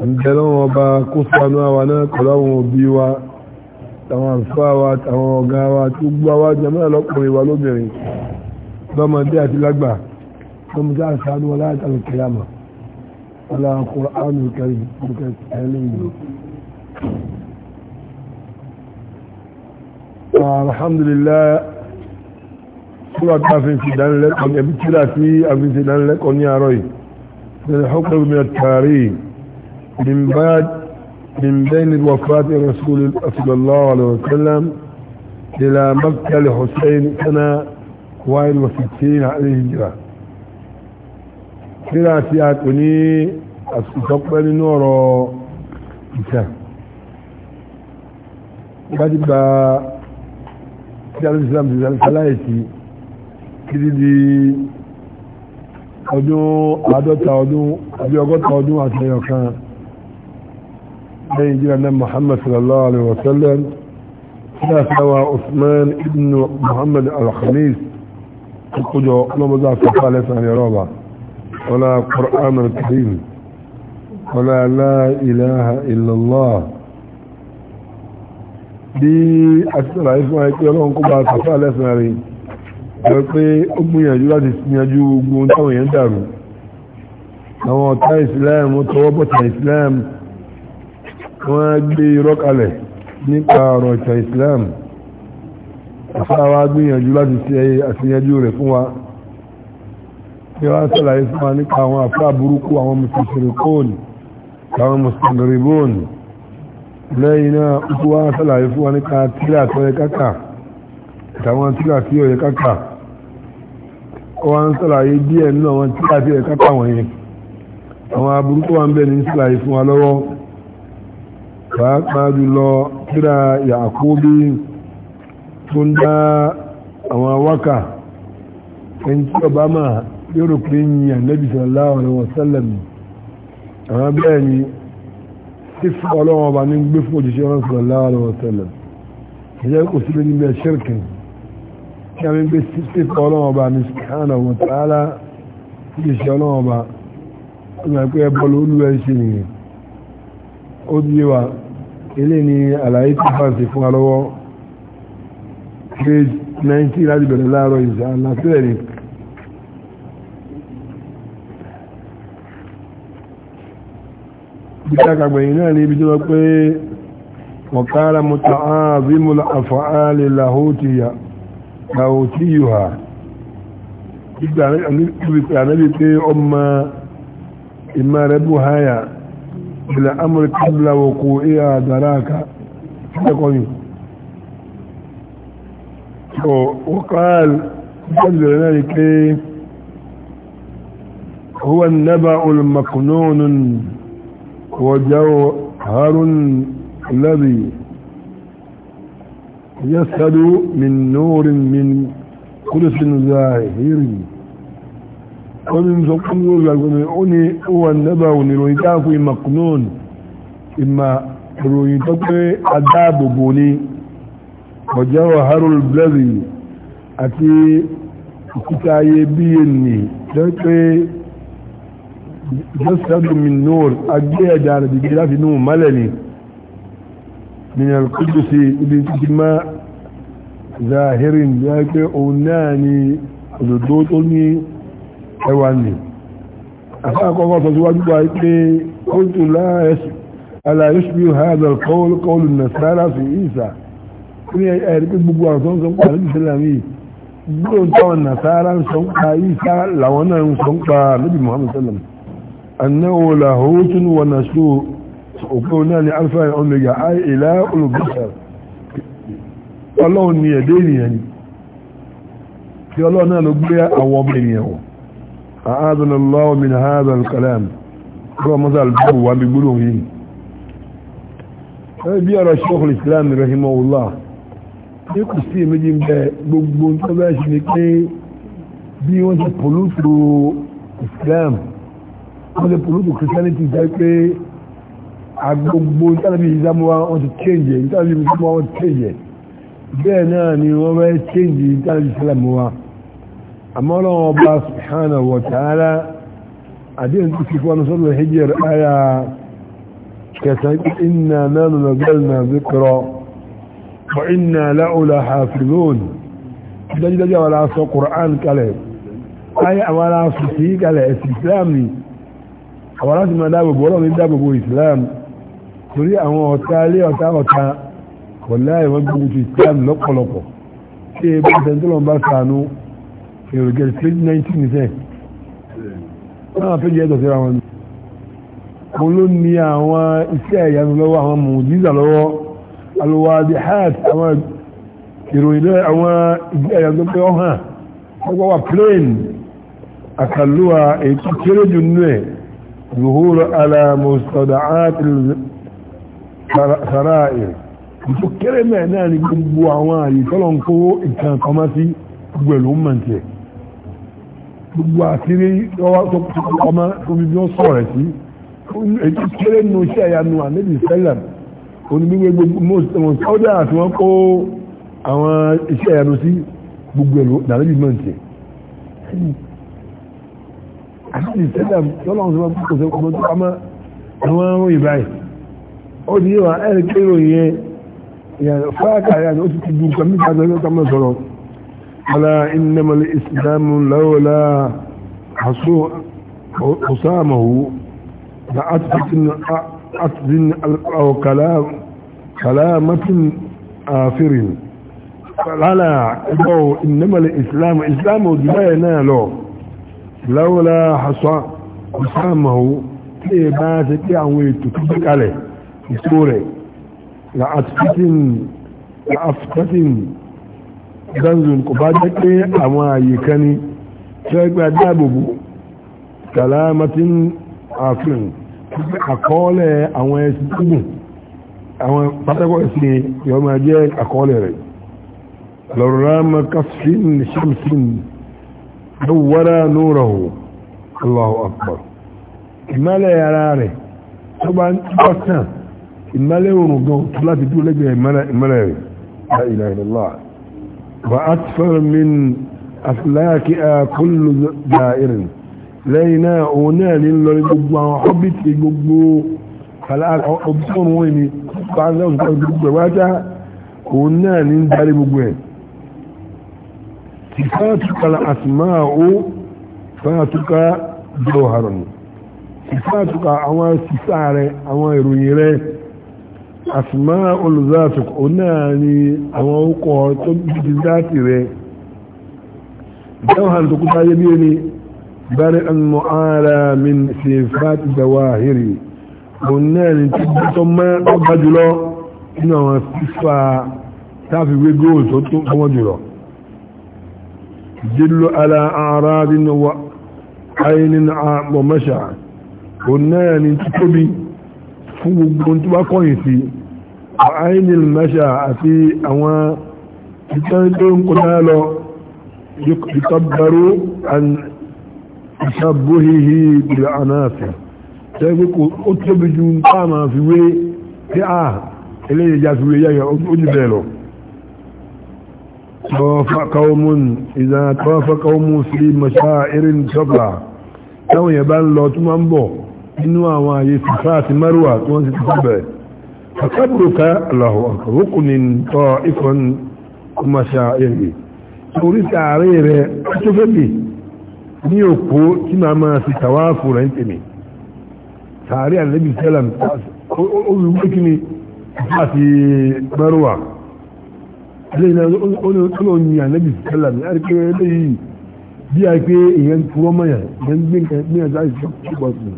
ìjẹ́lọ́ wọn bá kó sánú àwa náà pẹ̀lú àwọn òbí wa àwọn àlùfáà wa àwọn ọ̀gá wa tó gbá wa jẹ́ mẹ́rin lọ́kùnrin wa lóbìnrin lọ́mọdé àti lágbà lọ́mọdé àti sánú wa láti àlùkẹ́ àmà ọlọ́run kùránù kẹrin kẹrin alhamdulillah kúrò káfin ti dánilẹ́kọ̀ọ́ ní ẹbí tí láti àfin ti dánilẹ́kọ̀ọ́ ní àárọ̀ yìí من بعد من بين وفاة رسول صلى الله عليه وسلم إلى مكة لحسين سنة 61 عليه الهجرة kíra tí a pè ní àtúntọ́pẹ́ nínú ọ̀rọ̀ ìtàn gbájúgbà tí alẹ́ islam ti sáláìsí títí di ọdún àádọ́ta ọdún àbí ọgọ́ta ọdún àti ẹyọkan لين جينا محمد صلى الله عليه وسلم سوى عثمان ابن محمد الخميس القجو نمضى فقال سعي رابع ولا قرآن الكريم ولا لا إله إلا الله دي أسرع اسمها يقولون قبعة فقال سعي wípé ó gbìyànjú láti gbìyànjú gbogbo táwọn èèyàn dàrú àwọn ọ̀tá ìsìláàmù tọwọ́ bọ̀tà ìsìláàmù wọ́n gbé rọ́kàlẹ̀ nípa ọ̀rọ̀ ìtàn islam àfáwà gbìyànjú láti ṣe àṣeyẹjú rẹ̀ fún wa tí wọ́n sàlàyé fún wa nípa àwọn àfá burúkú àwọn mùsùlùmí àwọn mùsùlùmí lẹ́yìn náà ó tún wá sàlàyé fún wa nípa tílà tó yẹ kákà àtàwọn tílà tí ó yẹ kákà ó wá ń sàlàyé díẹ̀ nínú àwọn tílà tí ó yẹ kákà wọ̀nyẹn àwọn aburúkú wa ń bẹ ní sàlàyé fún wa lọ́wọ́ pàápàá jùlọ síra yàkóbí tó ń dá àwọn wákà ẹni tí obama yóò rò pé yìnyàn lẹ́bí sallallahu alaihi àwọn bẹ́ẹ̀ ni tí fún ọlọ́wọ́ ọba ní gbé fún òjíṣẹ́ ọlọ́wọ́ sallallahu alaihi wasallam ìjẹ́ kò sílé níbẹ̀ ṣírkìn kí a mi gbé sí fún ọlọ́wọ́ ọba ní subhanahu wa ta'ala òjíṣẹ́ ọlọ́wọ́ ọba ọmọ ẹgbẹ́ ẹbọ lórí ẹ ṣe nìyẹn ó di wa ilé ni àlàyé tí fàǹsì fún alọ́wọ́ page 90 láti bẹ̀rẹ̀ láàárọ̀ ìjà àlàfíẹ̀ ni ìtàkàgbẹ̀yìn náà ní ibi tí wọ́n pé وقال متعاظم الأفعال لاهوتية لاهوتيها ìgbà ànábì pé ọmọ ìmọ̀ rẹ̀ bù háyà أمر قبل وقوعها تقول وقال قبل ذلك هو النبأ المكنون وجوهر الذي يسهد من نور من قدس ظاهر wani sọ fún wọn gbàgbọ́n ó ní wọn nẹ́bà wọn ìròyìn káàkó ìmàkùnún ìmà ìròyìn tó pé adáàbòbò ni ọjọ́ harold blazy àti òkúta ayé bíyẹn ni tó pé jọ́sẹ̀dù minor agbé ẹ̀dà rẹ̀ dìde láti inú mọ́lẹ̀ ni minal kudusi ibi títí má zahirin ya pé òun náà ni òdòdó tó ní ẹwà ní àkọ́kọ́ sọ síwájú bá pé kóntù aláyọ́sùbí hazard kọlù nasara fi isa ní ẹ̀rí pé gbogbo àwọn sọ́nkọ́ pa níbi sílámì gbọ́n táwọn nasara ń sọ pa isa làwọn náà ń sọ pa níbi muhammad sallam annáwó làhótún wà na so òpó náà ni alfa and omega ai ilá olùgbésà ọlọ́run ni ẹ̀dẹ́ ènìyàn ni kí ọlọ́run náà ló gbé àwọn ọmọ ènìyàn wọ̀ أعاذنا الله من هذا الكلام هو مثل الباب وبيقولوا هنا بيرى الشيخ الإسلام رحمه الله يقول sí méjì ń bẹ gbogbo tó bẹ́ ṣe ni pé bí wọ́n ṣe pòlútù Islam wọ́n ṣe pòlútù Christianity jẹ́ pé agbogbo tánàbí ìdámọ́wá wọ́n ti change ẹ̀ tánàbí ìdámọ́wá wọ́n ti change bẹ́ẹ̀ náà ni wọ́n bẹ́ change tánàbí ìsìlámọ́wá أما الله سبحانه وتعالى أدين تكيف ونصر الحجر آية كتاب إنا نحن نزلنا ذكرى وإنا لأولى حافظون دجي دجي ولا أصل قرآن كله آية ولا أصل فيه كله إسلامي ولا أصل ما دابب ولا من دابب إسلام torí àwọn ọ̀tá alé ọ̀tá ọ̀tá wọ̀láì wọ́n gbogbo ìsìlámù lọ́pọ̀lọpọ̀ tí ebí ìsẹ̀ntọ́lọ̀ bá sànú èrò gẹ̀ẹ́sì page nineteen sẹ́ẹ̀ náà ah, page yẹn tọ̀síra wọn. mo ló ní àwọn iṣẹ́ ìyanu lọ́wọ́ àwọn mùjíza lọ́wọ́ alùwàdì hàt àwọn ìròyìn lọ́wọ́ àwọn ìgbé ìyanu tó pé ọ́ hàn wọ́n wà plain àkàlùwà èyí kéré jù nínú ẹ̀ ظهور على مستودعات sàráàì tó kéré mẹ́ẹ̀ náà ni gbogbo àwọn àyè tọ́lọ̀ ń kó ìtàn kọmá sí gbẹ̀lú mọ̀ntẹ̀ gbogbo àṣírí ọmọ omi bí wọ́n sọ̀rọ̀ sí èyí kéré nu iṣẹ́ ìyanu àmì sẹ́lẹ̀m onígbégbé gbogbo sọ́dà àti wọ́n kó àwọn iṣẹ́ ìyanu sí gbogbo ẹ̀rọ dàbí mọ̀ǹtì àmì sẹ́lẹ̀m lọ́lọ́run sọ́dà kò sọ ọmọ tó pamọ́ àwọn òyìn báyìí ó ti yé wa ẹ̀rí kéré òyìn yẹn fáàkà yẹn ó ti ti dùn kàmí kàmí kàmí sọ̀rọ̀ ألا إنما الإسلام لولا حسامه لأتفت أتذن أو كلام كلامة آفر فلا إنما الإسلام إسلام دينا له لولا حسامه كيبات كيعويت تبك عليه بسورة لأتفت لأفتت zanzun kò bá jẹ́ pé àwọn àyè kan ní ṣẹ́gbẹ́ adáàbòbò kalamatin afrin àkọọ́lẹ̀ àwọn ẹ̀sìn gúgùn àwọn pátákọ̀ ẹ̀sìn yọ máa jẹ́ àkọọ́lẹ̀ rẹ̀ lọ́rọ̀rámà kásfin shamsin lọ́wọ́rá nórahu allahu akbar ìmálẹ̀ ara rẹ̀ tó bá ń tọ́tàn ìmálẹ̀ òrùn gan tó láti dúró la ilaha illallah وأكثر من أفلاكها كل دائر لينا أونا للرجل وحبت لجبو فالآن أبصر ويني بعد ذلك أبصر واجه أونا لنداري بجوين صفاتك الأسماء صفاتك جوهر صفاتك أوان سفارة أوان رنيرة asùnmọ́ olùzásùkò ó náà ni àwọn orúkọ tó bí láti rẹ̀ jẹ́wọ̀n tó kúta yẹ́ bí ẹni bari an mọ́ara min ṣe fàtí zawahiri ó náà ni tí bí tó mọ́ ọba jùlọ inú àwọn fífà táfi wé tó tó mọ́ jùlọ jìlọ ala ààrá nínú wa ainihin ó náà ni tí tóbi fún gbogbo tó bá kọ́yìn sí àìyàn mẹ́ṣà àti àwọn ìtẹ́lẹ́kọ́nà lọ ìtọ́bẹ̀rú ìṣàbóhìhì ìgbìlẹ̀ anáàfẹ́ tẹ́gbẹ́ kò ó tóbi ju táàmà fi wé tí a eléyìí já fi wé yáyà ó jù bẹ́ẹ̀ lọ tọ́fà kàwọ́mù sí mọ̀ṣá irin sọ́kà táwọn yẹ̀ bá ń lọ tó máa inú àwọn àyè tìfá àti márùwà tí wọ́n ti ti bẹ̀rẹ̀ àkábùrùká Allahu akbar rukunin tọ́ ikon kọmọṣà èrè orí sàárè rẹ̀ ṣọ́fẹ́bì ní òpó tí màá máa fi tàwáàfù rẹ̀ ń tèmi sàárè àlẹ́bì sẹ́lẹ̀m ó wí wí kíni àti márùwà lẹ́yìn náà ó ní àlẹ́bì sẹ́lẹ̀m ní àríkẹ́ lẹ́yìn bí i pé ìyẹn kúrọ́mọ̀yà ìyẹn gbé nǹkan ní ẹ̀dá ìṣọ́kùnrin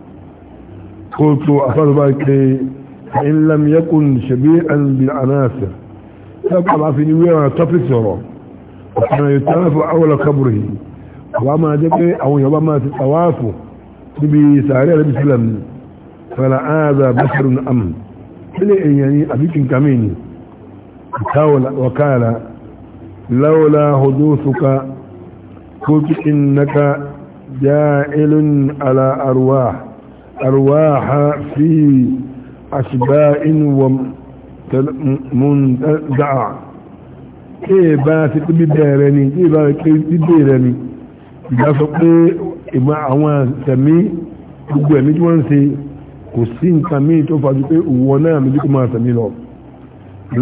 قلت أفضل بك فإن لم يكن شبيئا بالعناصر تبقى في نوية تفسر وكان يتنافع أول قبره وما جاء أو يبقى ما تتواف بسهرية بسلم فلا هذا بشر أم إلي يعني أبيك كميني وقال لولا حدوثك قلت إنك جائل على أرواح أرواح في أشباء ومندع كي باتي ببيرني كي باتي ببيرني ìdáfẹ́ pé ìgbà àwọn tẹ̀mí gbogbo ẹ̀mí tí wọ́n ń ṣe kò sí nǹkan míì tó fàájú pé òwò náà méjì kó máa tẹ̀mí lọ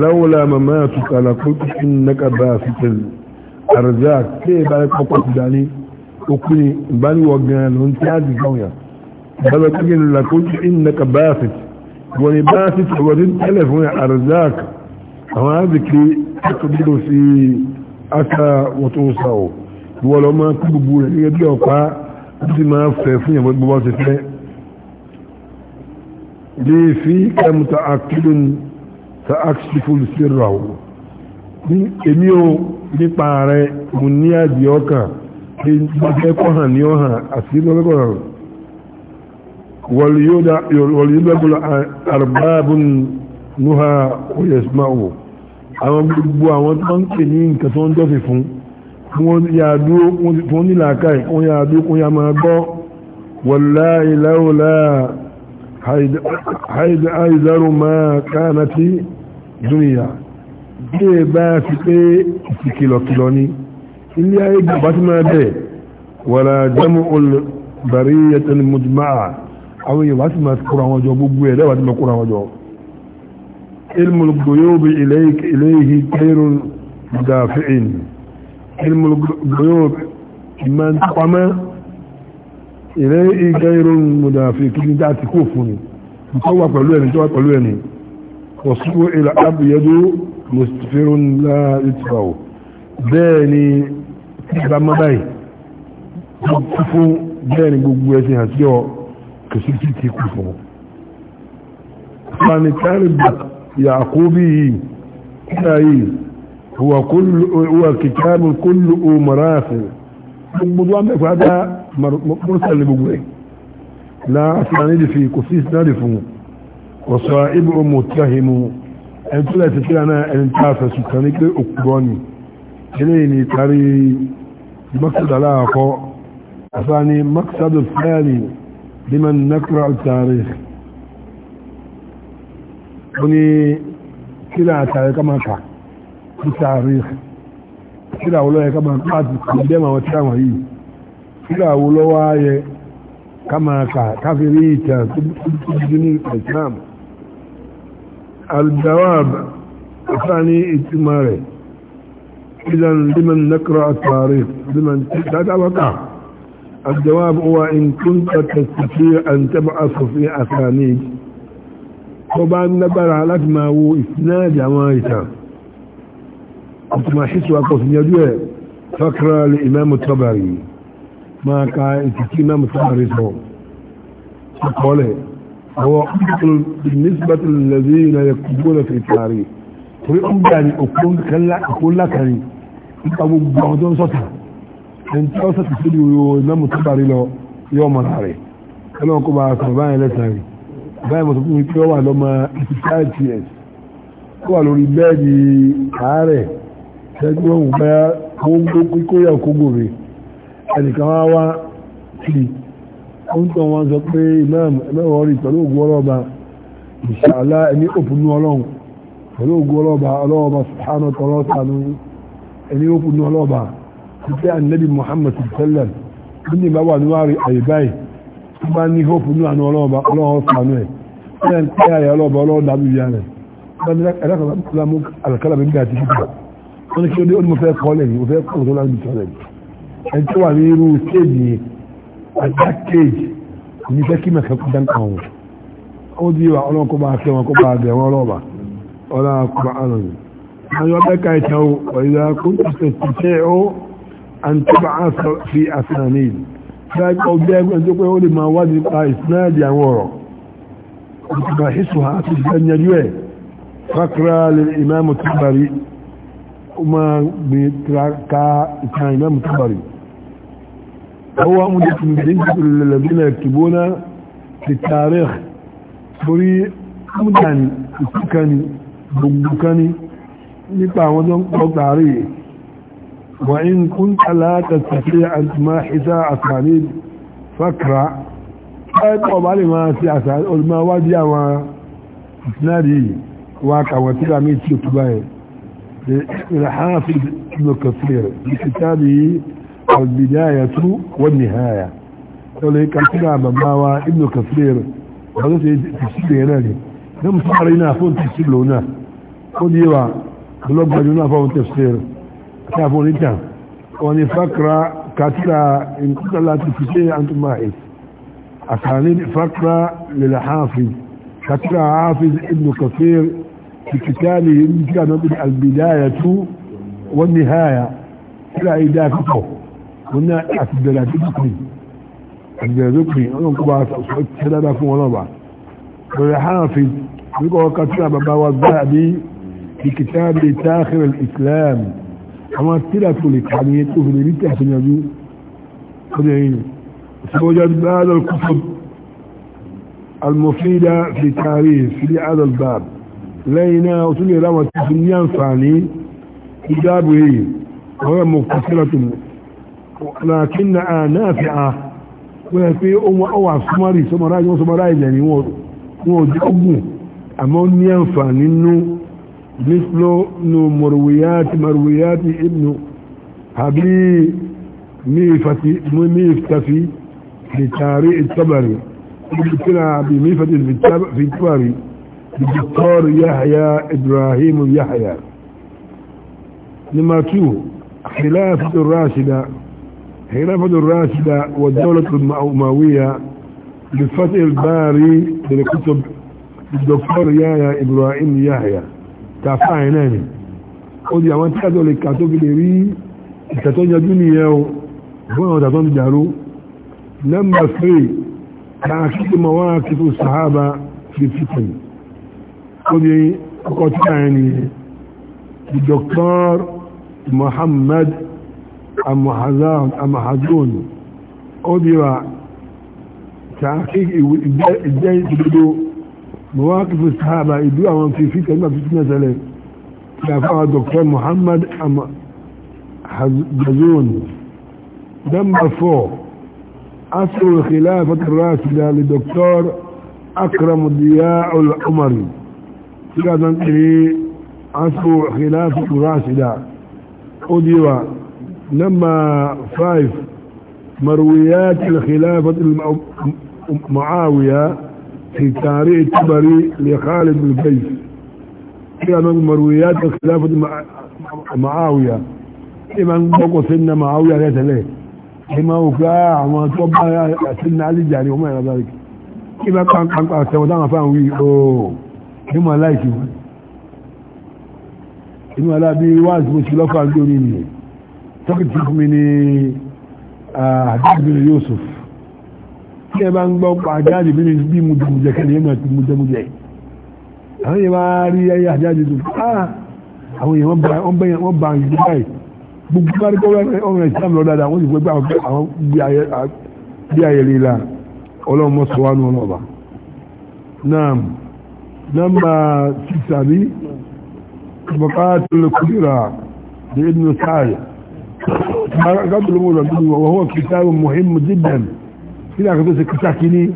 láwọ́lá màmá àtúkà àlàkókò sí nẹ́kàbà àfitẹ̀l àrùzá هذا تجن لكل إنك باسط وني باسط ورد تلفون أرزاك هذاك تقدر في أسا وتوسعه ولو ما تبقوا لك يدعوك bí máa fẹ́ fún ìyàwó gbogbo ṣe fẹ́ lè fi kẹmù ta àkílùn ta àkíṣífò sí ra o ní èmi o nípa rẹ mo ní àdìọ́kàn tí wọ́n fẹ́ kọ́ hàn ní ọ̀hàn àti lọ́lọ́gọ́rọ̀ wọ̀lúyọ́dọ̀gbọ̀lọ́ àrùbáàbùn núhà òyẹ̀smáwò àwọn gbogbo àwọn tó ń pè ní nǹkan tó ń jọ́sìn fún wọ́n yàdúró wọ́n ní làákàí wọ́n yàdúró kún ya máa gbọ́ wàláì láwòlá àìdárò máa káàna tí dúnìyà bí è bá fi pé ìkìlọ̀kìlọ̀ ni ilé ayé gbogbo ti máa àwọn èèyàn wá sì máa kóra wọn jọ gbogbo ẹ̀ lẹ́wàá tí máa kóra wọn jọ ilmul guyubi ilayhi khairun mudafi'in ilmul guyubi ìmọ̀ pamọ́ ilayhi khairun mudafi'in kí ní dáa ti kó fún ni tó wà pẹ̀lú ẹni tó wà pẹ̀lú ẹni wọ̀sùwò ilẹ̀ abyadu mustafirun la ìtìbàwò bẹ́ẹ̀ ni ìgbà mọ́ báyìí fún bẹ́ẹ̀ ni gbogbo ẹ̀sìn àti ọ̀ ka shi ci ti ku fo sani talib yaqubi kai huwa kullu huwa kitab kullu marasil gbogbo wa me fada mursal ni gbogbo la asani fi kusis narifu wa sa'ibu muttahimu en tula ti tira na en tafa su kan ke okuboni eléyìí ni tari maksad ala asani maksad لمن نقرأ التاريخ وني كلا تاريخ كما كان التاريخ كلا ولا كما قد قدما وتشاما هي كلا ولا كما كان كافريتا تبني الإسلام الجواب الثاني اتماره إذا لمن نقرأ التاريخ لمن تتوقع الجواب هو إن كنت تستطيع أن تبعث في أسانيد طبعا نبر عليك ما هو إسناد عمايتا أطمع حسوا قوسن يدوه فكرة لإمام الطبري ما كان إمام الطبري سوى فقوله هو بالنسبة للذين يكتبون في التاريخ ويقوم بأن أقول لك أقول لك أبو بعضون سطح ẹni tí wọ́n sọ̀tì síbi wo ìmọ̀mù tó parí lọ yọ ọmọ rẹ̀ ọlọ́run kó bá a sọ̀rọ̀ báyìí lẹ́sàn rẹ̀ báyìí mo sọ fún mi pé ó wà lọ́mọ eighty five years ó wà lórí bẹ́ẹ̀dì àárẹ̀ ṣẹ́jú wọn gbá kóyà kógò rẹ̀ ẹnìkan wá wá sí ohun tó wọn sọ pé ìmọ̀mù rí pẹ̀lú ògùn ọlọ́ba ìṣàlá ẹni òpinú ọlọ́run pẹ̀lú ògùn ọlọ́ba ọlọ́ba sùhánà tọ́lọ́sàánú ẹni òpinú ọlọ́ba títí ànábì muhammad sallam ní ìbá wà níwárí àyíbáyì tó bá ní hópù ní àná ọlọ́ọ̀bá ọlọ́ọ̀ sànú ẹ̀ ṣe ń pẹ́ àyà ọlọ́ọ̀bá ọlọ́ọ̀ dábì ìyá rẹ̀ ẹ̀dákọ̀ọ́lámú àlàkálà bẹ́ẹ̀ àti kíkà wọ́n ní kí ó dé ó ní mo fẹ́ kọ́ lẹ́yìn mo fẹ́ kọ́ tó láti sọ̀rọ̀ ẹ̀ ẹni tó wà ní irú stéèjì àjá kéèjì kò ní fẹ́ kí mẹ̀kẹ́ kú dáńkà wọn ó di أن تبعث في أسانيد فأقول أنتم يقولي ما وادي إسناد يعورو وتباحثها في الدنيا اليوم فقرة للإمام التبري وما بيتركا كان إمام التبري هو مدة من الذين يكتبون في التاريخ torí múdàní ìtúkani gbogbo kani nípa àwọn tó ń pọ̀ tààrí وإن كنت لا تستطيع أن تماحسة أسانيد فكرة فأتقب علي ما سياسة ما وديا وإسنادي واقع وتلاميذ يتبعي لحافظ ابن كثير بكتابه البداية والنهاية يقول لك كلام ما ابن كثير وقالت تفسير هنالي لم صار هنا فون تفسير له هنا قد يوا بلوغ هنا فون تفسير تعرفون انت واني فقرة كاتلة ان كنت لا تفتيه انتم معي اسانين فقرة للحافظ كاتلة حافظ ابن كثير في كتابه كان من البداية والنهاية لا يدافقه قلنا الدلالات ذكري الدلالات ذكري انا كبار اصحاب كتابة ونضع والحافظ يقول كتابة بوضع في كتاب تاخر الاسلام àwọn tíra tó lè kà ní tó fi lè rí tẹ̀sán yanjú ọdún ẹ̀yìn ìṣèwọ́jọ́ báyọ̀ kúfọ́ المفيدة في تاريخ في هذا الباب lẹ́yìn náà ó tún lè ráwọn tí fi ní àǹfààní náà fi a wọ́n pé ohun ọwà súnmọ́rì sọmọ́ráì wọ́n wọ́n ojú ọgbùn àmọ́ ní àǹfààní nú مثل مرويات مرويات ابن حبيب ميفتفي لتاريخ التبري ابن بميفة في التبري الدكتور يحيى إبراهيم يحيى لما تو خلافة الراشدة خلافة الراشدة والدولة الأموية لفتح الباري للكتب الدكتور يحيى إبراهيم يحيى tàfà yẹn náà ni ó di àwọn tíyàtọ lè kà tó fi lè rí ìtàtọ yanjú nìyẹn o fún àwọn tàtọ ń dàrú nọ́mbà three tààkìtì mọ wọn àkìtì sàhábà fi fìtìn ó di ọkọ tíyà yẹn nìyẹn di Dr. Muhammad amahazon ó di wa tààkìtì ìjẹ́ ìdodo. مواقف الصحابة يدوا في في ما في مثلا كافة دكتور محمد أم حزون دم فوق أصل الخلافة الراشدة لدكتور أكرم الضياء العمري في هذا أصل خلافة الراشدة أديوا لما فايف مرويات الخلافة المعاوية في تاريخ تبري لخالد بن قيس فيها من مرويات خلافة معاوية إمام بقوا سنة معاوية ليس ليه إما وكاع وما توبع سنة علي جاري وما إلى ذلك إما كان كان كان سودان فان وي أوه لا لايك إما لا بي واز مش لفع الدوني تقد تكمني حديث بن يوسف tẹ́ bá ń gbọ́ pàjáde bí mo jùmùjẹ kẹ́lẹ̀ yẹn ti mo jẹmùjẹ àwọn yẹn máa rí ayé àjáde tó ah! àwọn yẹn wọ́n bá yìí báyìí gbogbo bá rí kọ́ ọ̀rọ̀ ìsìlámù lọ dáadáa wọ́n sì gbé àwọn bí ayẹlẹ́ la ọlọ́run mọ́ sọ wá nù ọlọ́ọ̀bà náà nọ́mbà sísàbí بقات الكبيرة لابن سعد ما قبل وهو كتاب مهم جدا إذا كنت كتاكيني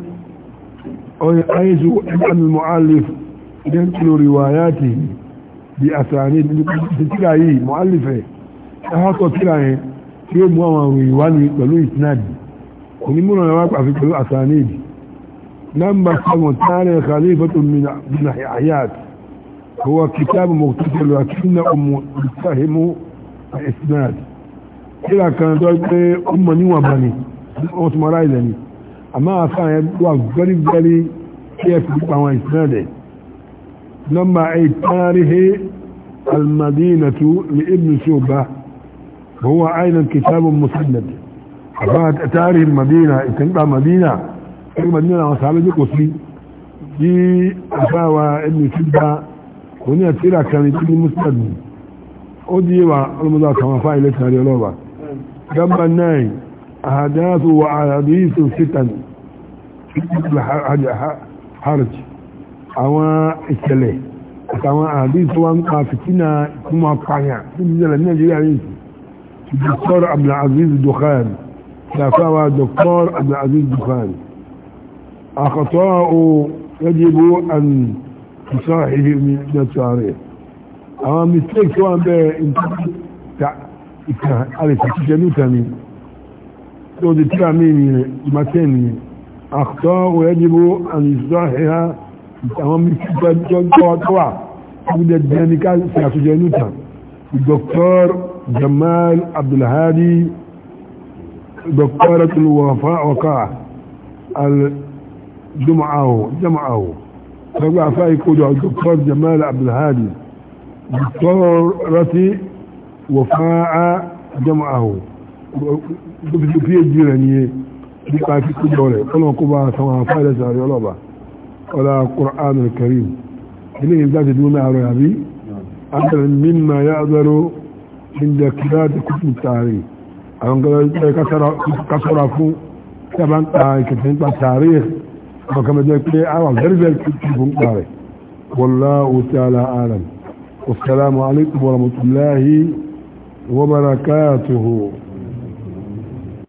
ويعيز أن المؤلف ينقل رواياته بأسانيد تلاهي مؤلفة أحطوا تلاهي tí ó mú àwọn ìwádìí pẹ̀lú ìsinadi onímúràn ẹwà pàfi pẹ̀lú àsàníìdì nọ́mbà sọ́wọ́n tààrẹ kàlífàtò mina hayat kọwọ́ kìtàbù mọ̀kútàlù àkínà ọmọ ìsáhìmú ìsinadi kíra kan tó pé ọmọ níwọ̀n bani wọ́n tún mọ́ra ilẹ̀ ni àmọ́ àfáà yẹn wà very very careful nípa àwọn ìsinmi rẹ̀ nọ́mbà 8 tarihi المدينة لابن شوبة هو ايضا كتاب مسند تاريخ المدينة تنبع مدينة المدينة وصحابة دي قصري دي أفاوى ابن شوبة هنا تيرا كان يتبني مسند ودي والمضاء كما فاعل لتنا ريولوبا جنب الناي أحداث وأحاديث ستن haraj àwọn ìṣẹ̀lẹ̀ àtàwọn àdí tó wá ń pa fìtínà ìkúnmọ̀ apáyà tó ti ṣẹlẹ̀ ní nàìjíríà ní dr abdulaziz dukhan ṣàfáwà dr abdulaziz dukhan àkọ́tọ́ o yajibu an tusahihi min at-tarikh àwọn mistake tó wà ń bẹ ìkà alẹ́sàtúnṣe ní ìtàní tó di tíra mí ni matẹ́ nìyẹn أخطاء يجب أن يصلحها تمام الفتوى عقد الدينيكال سياسجنوتا الدكتور جمال عبد الهادي دكتورة الوفاء وقاع الجمعة جمعه فقع الدكتور جمال عبد الهادي دكتورة وفاء جمعه دكتور في الجيرانيه nípa kíkójọ rẹ̀ ọlọ́run kó bá àtàwọn àfáìlẹ̀ sàárẹ̀ ọlọ́ba ọlá kùránù karim ilé ìgbàjẹ̀ dúró náà rẹ̀ àbí adàrin mímà ya azaro nígbà kíra ti kúrò tààrí àwọn gẹ́gẹ́ kásọ́ra fún tí a bá ń ta ìkẹ̀kẹ́ nípa